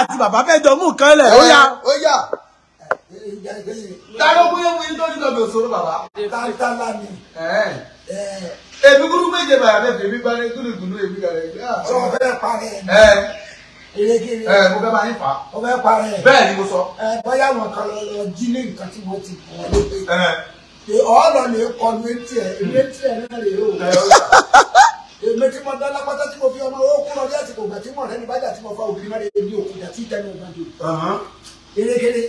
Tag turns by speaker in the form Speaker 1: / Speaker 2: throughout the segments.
Speaker 1: àti bàbá fẹ́ jọ mú nǹkan lẹ̀ ó yá. ó yá ta ló bóyá wọ́n yín tó ní lọ́bẹ̀ òṣòro bàbá. ni. èmi kúrú méje bàyà bẹ́ẹ̀ bèbí balẹ̀ gúlùgúlù èmi gàrẹ́ sọ fẹ́ parẹ́ erékeré. ẹ mo fẹ́ máa ń fà. mo fẹ́ parẹ́. bẹ́ẹ̀ ni mo sọ. ẹ bóyá wọn kan lọ lọ jí ní nǹkan tí mo ti kọ́ ló pé. ọ̀ọ́nà lè kọ́ ní etí ẹ̀ etí ẹ̀ náà lè yóò èmi tí mo dá lápátá tí mo fi ọmọ owó kún lọ́dí àsìkò ìgbà tí mo rẹ́ ní bájà tí mo fa òbí má lè ní òkúta tí tẹ́nu ọ̀gbà dé. erékeré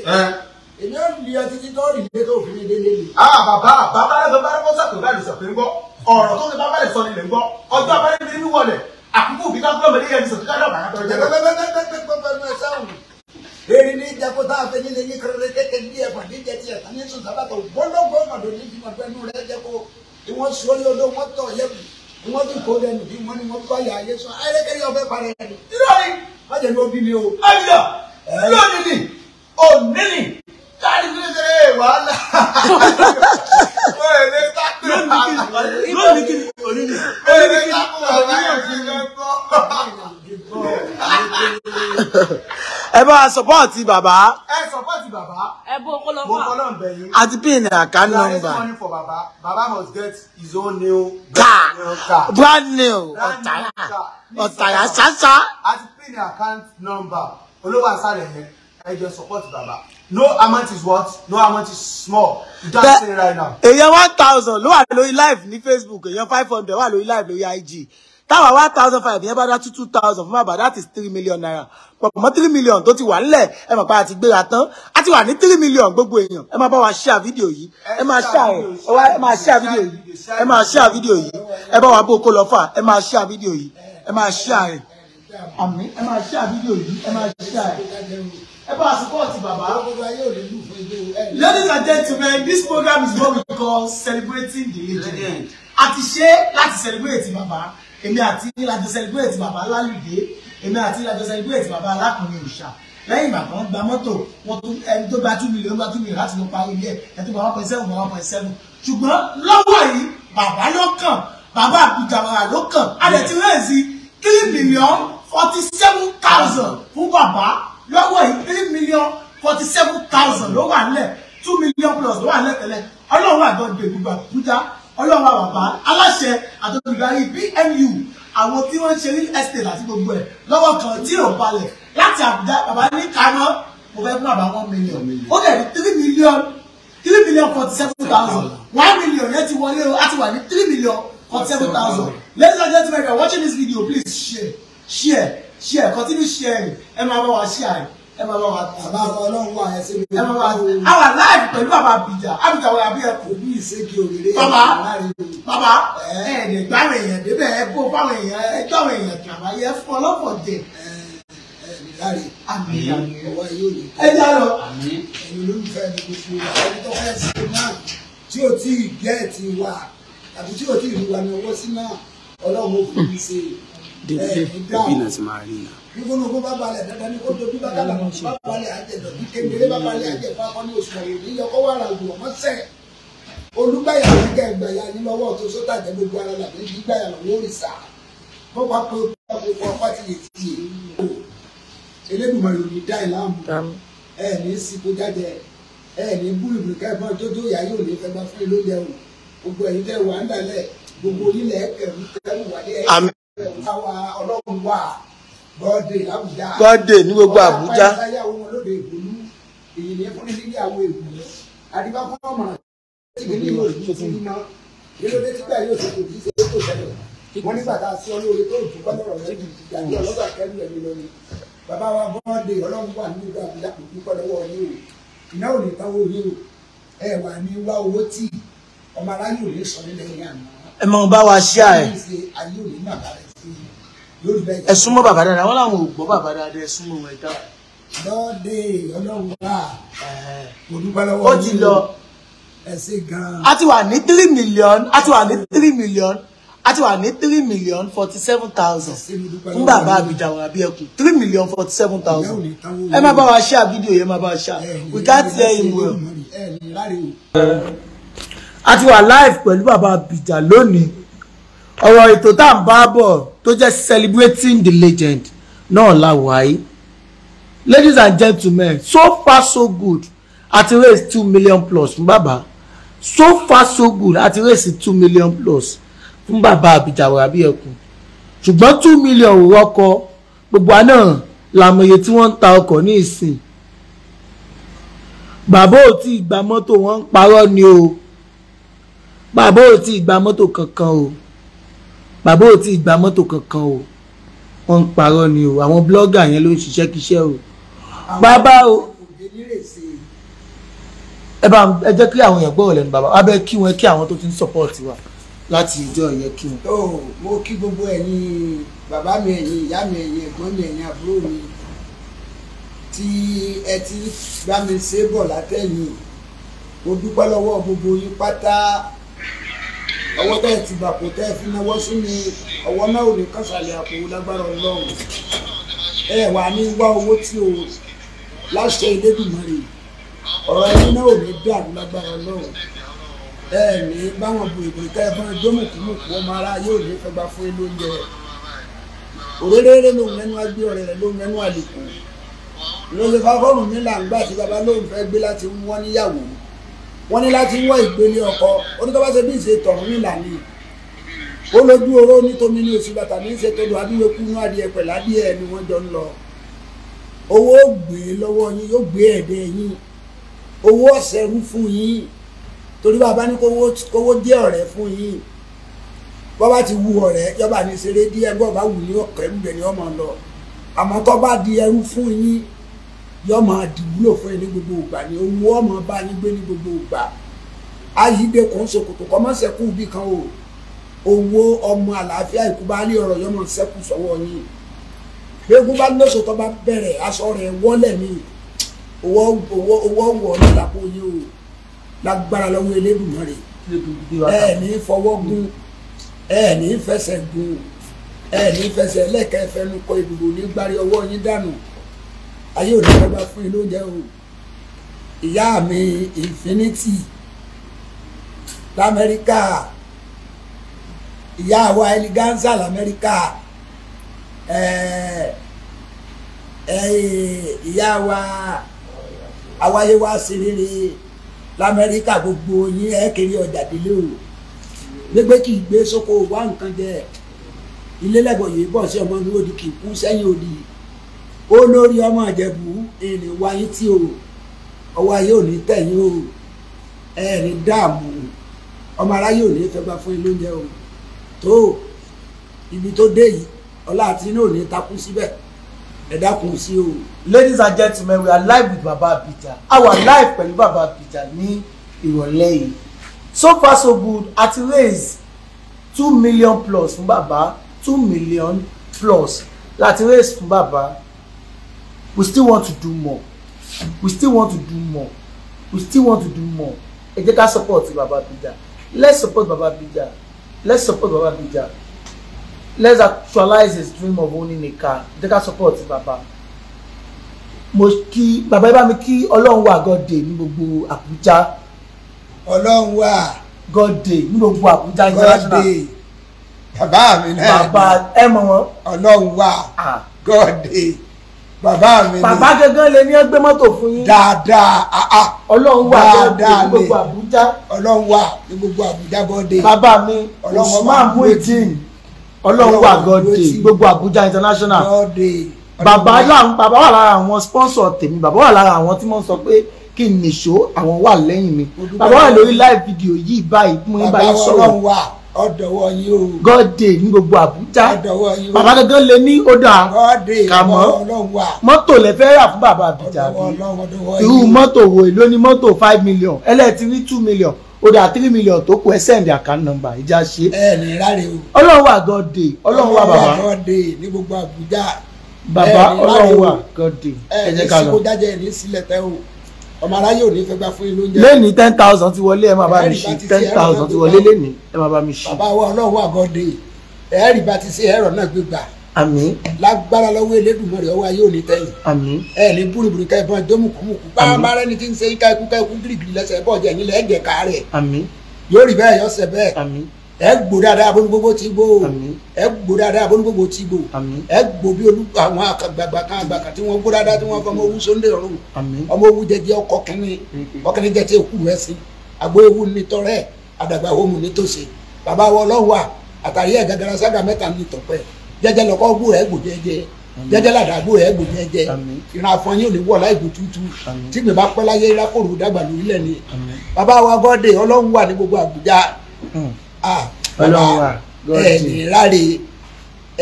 Speaker 1: èmi ò lè ọtí tí tọ́ọ̀rì lé tó òfin lé lé. bàbá bàbá rẹ bàbá rẹ kó sàkó bá ìrìnsà pé ń gbọ́ ọ̀rọ̀ tó ní bàbá rẹ sọ nílẹ̀ ń gbọ́ ọjọ́ abáyé mi nínú wọlé àkókò òbí ká gbọ́ mẹ́lẹ́ yẹn ní sọ̀tún ká dọ̀ bàbá tó jẹ́ bẹ́ẹ̀ eri ni jakota afeni le ni kere ke ke ni e padi je ti eta ni sun sabato bolo go ma do ni bi ma be nu re je ko ti won so le odo won wọ́n tún kó lẹ́nu bí wọ́n ní wọ́n bá yà ayé sọ ayélujára ọ̀fẹ́ parẹ́ ẹni. ìrọ̀lì ọjà ni ó bí o. ayọ̀ lónìí ni òní káàdì tó ń ṣe wàhálà. lónìí kí ni òní ni òní ni kí ni ẹ bá a sọpọ́ọ̀tì bàbá. ẹ sọpọ́ọ̀tì bàbá. ẹ bó kọ́ lọ́wọ́. mo kọ́ lọ́n bẹ̀ yín. àti pin account number. you are money for baba baba must get his own new. car brand new ọ̀tàyà ọ̀tàyà ṣáṣá. àti pin account number olówó àṣàlẹ̀ yẹn ẹ jẹ́ sọpọ́ọ̀tì bàbá no amount is what no amount is small you don't say right now. èèyàn one thousand ló wà lórí live ní facebook èèyàn five hundred wà lórí live lórí ig táwa one thousand five yẹn bá dá two two thousand fún bàbá that is three million naira pọ̀pọ̀ mọ́ three million tó ti wà nílẹ̀ ẹ mọ̀ pé a ti gbéra tán a ti wà ní three million gbogbo èèyàn ẹ máa bá wa share fídíò yìí ẹ máa share ẹ máa share fídíò yìí ẹ máa share fídíò yìí ẹ bá wa bó kó lọ fà ẹ máa share fídíò yìí ẹ máa share àmì ẹ máa share fídíò yìí ẹ máa share ẹ support bàbá. ladies and gentlemen this program is what we call celebrating the legend àti ṣe láti celebrate bàbá èmi àti ìlàjọ celebrate bàbá lálùdé èmi àti ìlàjọ celebrate bàbá alákùnrin òòṣà lẹ́yìn ìgbà kan gba mọ́tò wọn tó ẹni tó gba two million gba two million láti lọ parí ilé ẹ tó gba one point seven gba one point seven ṣùgbọ́n lọ́wọ́ yìí bàbá ló kàn bàbá àbújàmọ́ra ló kàn á lè ti three million forty seven thousand fún bàbá lọ́wọ́ yìí three million forty seven thousand ló wà nílẹ̀ two million plus ló wà nílẹ̀ tẹ́lẹ̀ ọlọ́run àjọ gbè gbogbo àbújá ọlọ́run àwàbá aláṣẹ àtọ́gbìgbàrí bmu àwọn tí wọ́n ń ṣe real estate àti gbogbo ẹ̀ lọ́wọ́ kan tí ò balẹ̀ láti àbújá bàbá ní kaná mo fẹ́ fún àbá one million ó dẹ̀ ní three million three million forty seven thousand one million yẹn ti wọlé o á ti wà ní three million forty seven thousand ladies and gentlemen if you are watching this video please share share share continue sharing ẹ máa bá wa share ẹ máa bá wa tàbá ọlọ́run wà ẹ síbi ẹ máa bá our life pẹ̀lú bàbá Abija Abija wọ abiyẹ kò bí ìṣègì òrèrè bàbá bàbá ẹ ẹ gbàwọn èèyàn débẹ̀ ẹ bó báwọn èèyàn ẹ gbàwọn èèyàn tàbá yẹ fún ọlọ́pọ̀ jẹ láre àmì ọwọ́ yóò lè kọ́. ẹ já lọ. ẹ̀yin olólùfẹ́ mi gbogbo wa ẹni tó fẹ́ sí náà tí ò tí ì gẹ́ẹ̀tì wa tàbí tí ò tí ì rí wa ní ọwọ́ sí náà ọlọ́run ò fi ṣe délé eh, òbí náà ti máa rí náà. nígbónú kó bá balẹ̀ dandan ní kó dojú bá kálà kó bá balẹ̀ àjẹjọ bí kékeré bá balẹ̀ àjẹjọ akọ ní oṣù ọ̀yọ́ ní yọkọ́ wà rà lù ọmọ sẹ́ olùgbàyà nígbà ìgbàyà ní lọ́wọ́ tó sótà jẹ́ gbogbo ara làbí gbígbàyà lọ́wọ́ òrìṣà bó pa pé gbogbo ọpá ti yè ti yè o Elédùmarè ò ní dá ẹ láàmú ẹ ní sípò jáde ẹ ní búrú ìbùrùkà ìbọn tó tó yà yóò ní fẹ́ gbà fún ilé oúnjẹ o gbogbo ẹ̀yin tẹ́ wà ń dalẹ̀ gbogbo onílẹ̀ ẹ̀kẹ́ ń tẹ́wọ̀ wálé ẹ̀ gọ́dẹ̀ ní gbogbo Àbújá. wọ́n nígbà tá a sí olóore tó dùn bá lọ́rọ̀ rẹ̀ ìdàgbé ọlọ́gbà kẹ́lú ẹ̀mí lọ ni bàbá wa bọ́ọ̀dé ọlọ́run wà ní ìlú Àbújá kò dúpọ̀ lọ́wọ́ ní o iná ò ní táwọn orí o ẹ wà ní wá owó tí ọmọ aráyè ò ní sọ nílẹ̀ yìí àná. ẹ mọ bá wa ṣíà ẹ. ayé ò ní nàbàrẹ̀ ẹ súnmọ́ bàbá dáadáa wọ́n làwọn ò bàbá dáadáa ẹ súnmọ́ wọn ẹ̀dá. lọ́ọ̀dẹ ọlọ́run wà mo dúpẹ́ lọ́wọ́ ó ti lọ gan-an. a ti wà ní three million a ti wà ní three million a ti wà ní three million forty seven thousand fún bàbá àbíjà wọn àbí ẹkùn three million forty seven thousand ẹ má bá wa share fídíò yẹn má bá wa share we gats hear him well. a ti wà live pẹ̀lú bàbá àbíjà lónìí ọ̀rọ̀ ètò tá à ń bá bọ̀ tó jẹ́ celebrating the legend náà la wáyé ladies and gentlemen so far so good a ti raise two million plus fún bàbá so far so good a ti raise two million plus fún bàbá àbíjàwòrán bí ẹkùn ṣùgbọ́n two million ò rọ́kọ gbogbo àná làmọye tí wọ́n ń ta ọkọ̀ ní ìsìn bàbá ò tí ì gba mọ́tò wọ́n ń parọ́ ni o bàbá ò tí ì gba mọ́tò kankan o bàbá ò tí ì gba mọ́tò kankan o wọ́n ń parọ́ ni o àwọn blọ́gà yẹn ló ń ṣiṣẹ́ kíṣẹ́ o bàbá o ẹ bá ẹ jẹ́ kí àwọn èèyàn gbọ́ lẹ́nu bàbá abẹ́ kí wọn kí àwọn tó ti ń support wa láti ìjọ yẹn kí wọn. ó mo kí gbogbo ẹ̀yin bàbá mi ẹ̀yin ìyá mi ẹ̀yin ẹ̀gbọ́n mi ẹ̀yin àbúrò mi tí ẹ ti bá mi ṣe bọ̀ látẹ̀yìn mo dúpẹ́ lọ́wọ́ gbogbo yín pátá ọwọ́ tẹ́ ẹ ti gbàpò tẹ́ ẹ fi náwó sí mi ọwọ́ náà ò ní kásàlẹ̀ àpò lágbára ọlọ́run ẹ wà ní wá owó tí o láṣẹ Elédùmarè ọ̀rọ̀ ẹni náà ò ní dàrú lágbára ọlọ́run ẹ ní báwọn bu ìbò tẹ́ fún ẹjọ́ ọmọ ara yóò ní fẹ́ fún ilé oúnjẹ òréré lòun mẹ́nu agbé ọ̀rẹ́ rẹ̀ lòun mẹ́nu àlèkùn lọ́sẹ̀ fáfọ́ọ̀mù mi là ń tí baba lóun fẹ́ gbé láti mú wọn níyàwó wọ́n ní láti wọ́ ìgbélé ọkọ onítọ́ba ṣe bí ìṣe tọ̀rún ní ìlànà ó lójú oró nítorí ní oṣù bàtà ní ìṣe tọdọ abíwé kúnú adìẹ pẹ̀lú adìẹ ni wọ́n jọ ń lọ owó gbé lọ́wọ́ yín yóò gbé ẹ̀dẹ̀ yín owó ọ̀sẹ̀ rú fún yín torí bàbá ní kówó jẹ́ ọ̀rẹ́ fún yín bọ́bá ti wu ọ̀rẹ́ yọba ní ṣeré díẹ̀ bọ́ọ̀bá wù ní ọ̀kẹ́ ń bẹ̀ ní ọmọ lọ àmọ́ tó bá di ẹrú fún yín yóò máa dìwúlò fún yín ní gbogbo ìgbà ni owó ọmọ bá yín gbé ní gbogbo ìgbà ayíde kò ń ṣòkòtò kọ́ mọ́ sẹ́kù bí kan o owó ọmọ àlàáfíà ìkúbálé ọ̀rọ̀ yọmọ sẹ́kù sọ́wọ́ yín eégún bá lóṣù tó bá bẹ̀rẹ̀ aṣọ rẹ̀ wọ́lẹ̀ mi owó owó owó wọ̀ ọ́ lápò yín o lágbára lọ́wọ́ Elédùmarè ẹ̀ ní fọwọ́ gún ẹ̀ ní fẹsẹ̀ gún ẹ̀ ní fẹsẹ̀ lẹ́kẹ̀ẹ́ fẹnu kọ ìdìbò nígbàrí ọwọ́ yín dànù ayé ò ní dọ́gba fún yín lóúnjẹ o ìyá mi infinity lamẹ́ríkà ìyá wa eleganza lamẹ́ríkà ìyá wa awáyé wa sí rere lamẹ́ríkà gbogbo yín ẹ kiri ọjà délé o gbégbé kì í gbé sóko wá nǹkan jẹ ilé lẹ́gbọ̀n yìí bọ̀ sí ọmọ mi òdì kì í kú sẹ́yìn òdì yìí olórí ọmọ ìjẹ̀bú ìrìn wáyé tí o ọwọ́ ayé ò ní tẹ̀yìn o ẹ̀ẹ́nì dààmú ọmọ aráyé ò ní fẹ́ gbà fún ilé oúnjẹ o tó ibi tó dé yìí ọlá àti inú ò ní takú síbẹ̀ ẹ dákun sí o. ladies and gentlemen we are live with baba Peter our live pẹ̀lú baba Peter ní ìrọ̀lẹ́ yìí so far so good at raise two million plus fún Baba. two million plus láti raise fún Baba we still want to do more we still want to do more we still want to do more ẹ support baba bija let's support baba bija let's support baba bija let's actualize his dream of owning a car ẹ support baba mo kí baba ibà mi kí ọlọ́run wà god day ní gbogbo àbújá ọlọ́run wà god day ní gbogbo àbújá international god day bàbá mi náà bàbá ẹ mọ wọn ọlọ́run wà ah. god day bàbá mi ni bàbá gangan lè ní ẹ gbé mọ́tò fún yín dáadáa àá ah, ah. ọlọ́run wà ní gbogbo àbújá ọlọ́run wà ní gbogbo àbújá bọ́dé bàbá mi usman muitin ọlọ́run wà gọ́dé gbogbo àbújá international bàbá bàbá wà lára àwọn sponsor tèmi bàbá wà lára àwọn tí mo sọ pé kí n nìṣó àwọn wà lẹ́yìn mi bàbá wà lórí live video yìí báyìí mú yín báyìí sọ̀rọ̀ ọdọwọ yìí o. gọ́dẹ ní gbogbo àbújá bàbá gangan lè ní ọdọ àkàmọ́ mọ́tò lè fẹ́ rà fún bàbá àbíjà bí irú mọ́tò wo èló ní mọ́tò five million ẹlẹ́tì ní two million ọdọ àtìrí million. tó kù ẹ sẹ́ndì account number. ìjà ṣe. ẹ ní ìráre o. ọlọ́run wà gọ́dẹ ọlọ́run wà bàbá. ọlọ́run wà gọ́dẹ ní gbogbo àbújá. bàbá ọlọ́run wà gọ́dẹ ẹ jẹ́ ká lọ. ẹ ní sìkò ní sílẹ̀ tẹ́ o ọmọ aráyé ò ní fẹ́ gbá fún ilé oúnjẹ. lẹ́ni ten thousand ti wọlé ẹ máa bá mi ṣí ten thousand ti wọlé lẹ́ni ẹ máa bá mi ṣí. bàbá wa ọlọ́run àgọ́dẹ ẹ̀ẹ́rì bá ti ṣe ẹ̀rọ náà gbégbà. àmín. lágbára lọ́wọ́ Elédùmarè ọwọ́ ayé ò ní tẹ̀yìn. àmín. ẹ ní búrúburú ká ìbọn ìdómùkúmùkú pàápàá rẹni tí ń ṣe ká ikú ká ikú gírígírí lẹ́sẹ̀ bọ́ọ̀jẹ̀ nílẹ̀ ẹ̀jẹ̀ káàrẹ̀. àmín. yóò rí bẹ́ẹ̀ yọ ẹ gbó dáadáa bó ní gbogbo ti gbó ẹ gbó dáadáa bó ní gbogbo ti gbó ẹ gbó bí olú àwọn àgbàgbà kan àgbà kan tí wọn gbó dáadáa tí wọn fọ ọmọ owó sóńdè ọrùn ọmọ owó jẹjẹ ọkọ kínní ọkìnrin jẹ tí òkú rẹ sí àgbo ewu nítọrẹ àdàgbà homu nítòsí bàbá wọn lọwà àtàyè gàgàrà sága mẹ́ta nítọpẹ jẹjẹ lọkọ gbó rẹ gbó jẹjẹ jẹjẹ ládàgbò rẹ gbó jẹjẹ ìran afọyín ò ní wọ láì gbótútù tí gbèbá pẹ́ láyé irákòrò dàgbà lórílẹ̀ ni bàbá wa gọ́dẹ ọlọ́run wà ní gbogbo àbújá hmm ọlọ́wà ẹ̀ẹ́nì ráre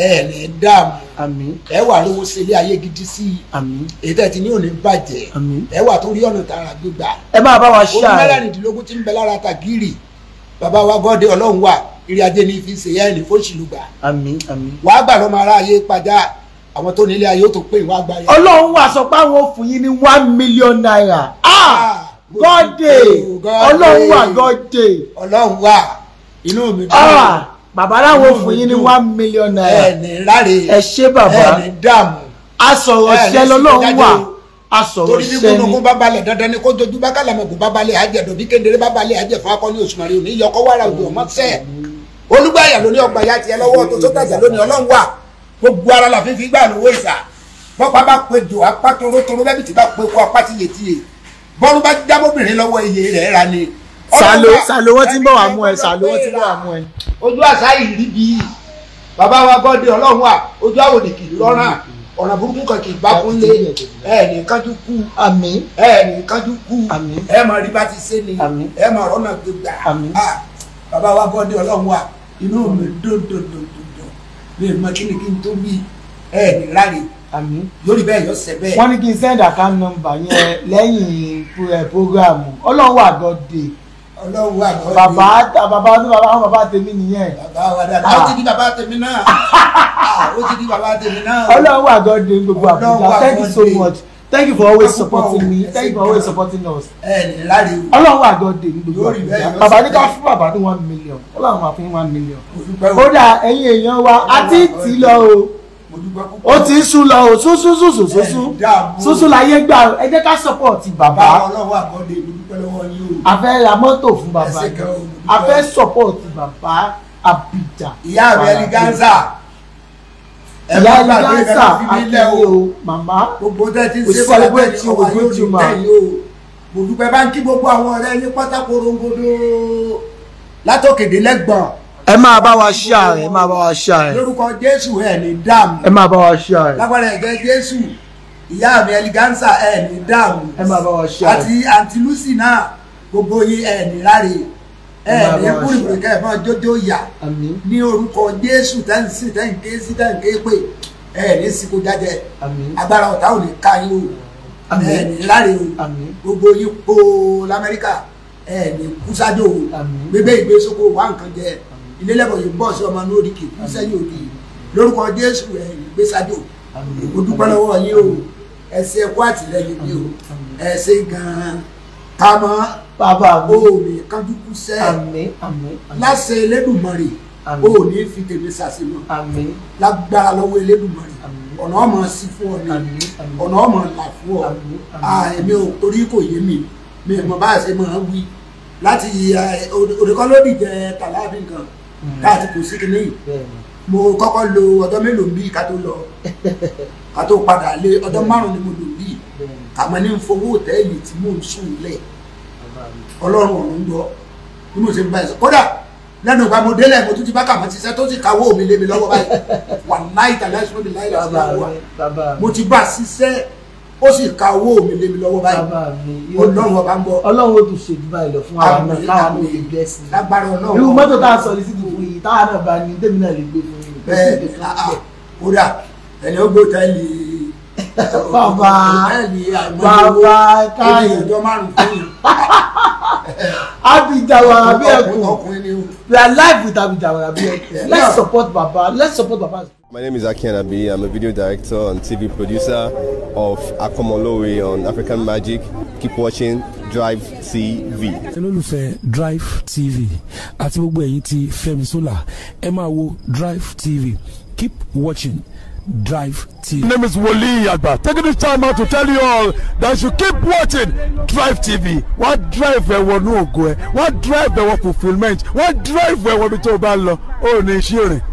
Speaker 1: ẹ̀ẹ́nì dààmú ẹ wà lówó sílé ayé gidi sí i èyí tẹ̀ tí ní òní bàjẹ́ ẹ wà tó rí ọ̀nà tààrà gbígbà ẹ máa bá wa ṣáà omi mẹ́rẹ̀ẹ́rìndínlógún tí ń bẹ lára tàgírì bàbá wa gọ́dẹ ọlọ́run wà ìrì ajé ní fi ṣe ẹ̀ẹ́nì fóṣìlúgba wàá gbà lọ́mọ aráyé padà àwọn tó nílé ayé ó tó pé ìwà àgbáyé. ọlọ́run wà sọ pé àwọn òfin yìí ní one million naira. ah, ah. God day ọlọ́run wà God day. ọlọ́run wà inú mi dùn. Ah, bàbá aláwọ̀ fún yín ní one million naira ẹni láre ẹ ṣé bàbá ẹni dààmú asọ̀rọ̀ ṣẹ́ lọ́lọ́run wà asọ̀rọ̀ ṣẹ́ ni. torí bí gbóngbó bá balẹ̀ dandan ni kó dojú bá kálàmọ̀ kó bá balẹ̀ àjẹ́ dòbí kéderé bá àjẹ́ fún akọ́ni òṣùmàrè òní ìyọkọ́ wàrà òdò ọmọ sẹ́ olúgbàyà lóní ọgbà ya tiẹ̀ lọ́wọ́ tó tó tàṣà lónìí ọlọ́run wà gbogbo ara la fífi gbà lówó ìsà bọ́pá bá pe jò apá toró toró bẹ́bí ti bá pe kó apá ti yè ti bọ́rú bá jábọ́bìnrin lọ́wọ́ iye rẹ̀ ra ni sàlò sàlò wọ́n ti ń bọ̀ wá mú ẹ sàlò wọ́n ti ń bọ̀ wá mú ẹ. ojú àṣà yìí rí bí wa gbọ́dọ̀ ọlọ́run wa ojú àwòdì kì í lọ́ràn ọ̀nà burúkú kan kì í bákún lé ẹ ní kájú kú àmín ẹ ní kájú kú àmín ẹ máa rí bá ti ṣe ni àmín ẹ máa rọ́nà gbégbá àmín bàbá wa gbọ́dọ̀ ọlọ́run wa inú mi dòdòdòdò mi mọ kí ni kí n tó bí ẹ ní láre àmín lórí bẹ́ẹ̀ yọ sẹ́ bẹ́ẹ̀. wọ́n ní kí n send account number yẹn lẹ́yìn eh, programu ọlọ́run wa gbọ́dọ̀ ọlọ́run wà lọ́ọ́ bàbá ní bàbá àwọn bàbá tèmi nìyẹn. bàbá wa dáadáa ah. ó ti di bàbá tèmi náà ah, ó ti di bàbá tèmi náà. ọlọ́run wà God dé gbogbo Àbújá thank you so much thank you for always supporting me thank you for always supporting us. ọlọ́run wà God dé gbogbo Àbújá bàbá ní ká fún bàbá ní one million ọlọ́run wà fún one million. kódà ẹ̀yin èèyàn wa a ti tì í lọ o ó ti ń sún lọ o sún sún sún sún sún sún sún sún láyé gbà ẹ ká support baba. àfẹ́ ra mọ́tò fún bàbá àfẹ́ support baba àbìjà. ìyá rẹ̀ ní gánsà ẹ bá gbàgbé gánsà àkílẹ̀ o màmá gbogbo tẹ́ ti ṣe fún ẹgbẹ́ tí mo dúpẹ́ bá ń kí gbogbo àwọn ọ̀rẹ́ ní pátákó rongodo látòkèdè lẹ́gbọ̀n ẹ máa bá wa ṣá rẹ ẹ máa bá wa ṣá rẹ. lórúkọ jésù ẹ ní dààmú. ẹ máa bá wa ṣá rẹ. lágbára ẹ̀jẹ̀ jésù ìyá mi ẹlígánsà ẹ ní dààmú. ẹ máa bá wa ṣá rẹ. àti àǹtí lucy náà gbogbo yín ẹ ní láre ẹ ní kúrìkúrì kẹ́ ẹ máa jójó yà. ní orúkọ jésù tẹ́ǹsì tẹ́ǹké sí tẹ́ǹké pé ẹ ní sìnkú jájẹ. agbára ọ̀tá ò ní ká yín o ẹ ní láre o gbogbo yín kó lamẹ́ríkà ẹ ní kúsájò o gbégbé ìgbésókò wá nǹkan jẹ ilélẹ́bọ̀ yìí bọ́ọ̀sì ọmọ ní òdìkì kú sẹ́yìn òdì lórúkọ Jésù ẹ̀ ìgbésàdò mo dúpẹ́ lọ́wọ́ yín o ẹ ṣé ẹ kú àtìlẹ́yìn mi o ẹ ṣé gan-an tamọ́ bàbá òòrè kájú kú sẹ́ láṣẹ Elédùmarè òòrè fi tèmi ṣàṣì mọ́ lágbára lọ́wọ́ Elédùmarè ọ̀nà ọmọ sí fún ọ ni ọ̀nà ọmọ là fún ọ àmì ò torí kò yé mi mi ò mọ bá a ṣe máa wí láti òdìkọ́ lódì jẹ tàlá àbí nǹkan láti kò sí kinní yìí mo kọ́kọ́ lo ọdún mélòó bíi ká tó lọ ká tó padà lé ọdún márùn-ún ni mo lò bíi àmọ́ ní fowó òtẹ́ẹ̀lì tí mò ń sùn lẹ̀ ọlọ́run ọ̀run gbọ́ bí mo ṣe ń bá ẹ̀ sọ kódà lẹ́nu ìgbà mo délẹ̀ mo tún ti bá kàmọ́ ti sẹ́ tó sì káwó mi lé mi lọ́wọ́ báyìí wà láì tàlẹ́ sọ́ọ́ mi láì láti wà mo ti bá ṣiṣẹ́ ó sì káwó mi lé mi lọ́wọ́ báyìí ọlọ́run ọba ń bọ̀ ọlọ́run ó tún ṣèjú báyìí fún àwọn lágbára ọlọ́run irú tá a sọ ní sí táwọn náà bá ní tèmi lè gbé fún yín. bẹ́ẹ̀ kódà ẹni ó gbé tẹ́lì bàbá bàbá káyọ̀ ọjọ́ márùn fún yín. abijawara bí we are live with abijawara bí let's support baba let's support baba. My name is Aki Anabi. I'm a video director and TV producer of Akomolowe on African Magic. Keep watching Drive TV. olólùfẹ́ Drive TV àti gbogbo ẹ̀yin ti Fẹ́mi Sola ẹ máa wo Drive TV keep watching Drive TV. My name is Wole Agba taking this time out to tell you all that you keep watching Drive TV wá drive ẹ̀wọ̀ ní ògo ẹ̀ wá drive ẹ̀wọ̀ fulfilment wá drive ẹ̀wọ̀ bí tó o bá lọ ó ní iṣẹ́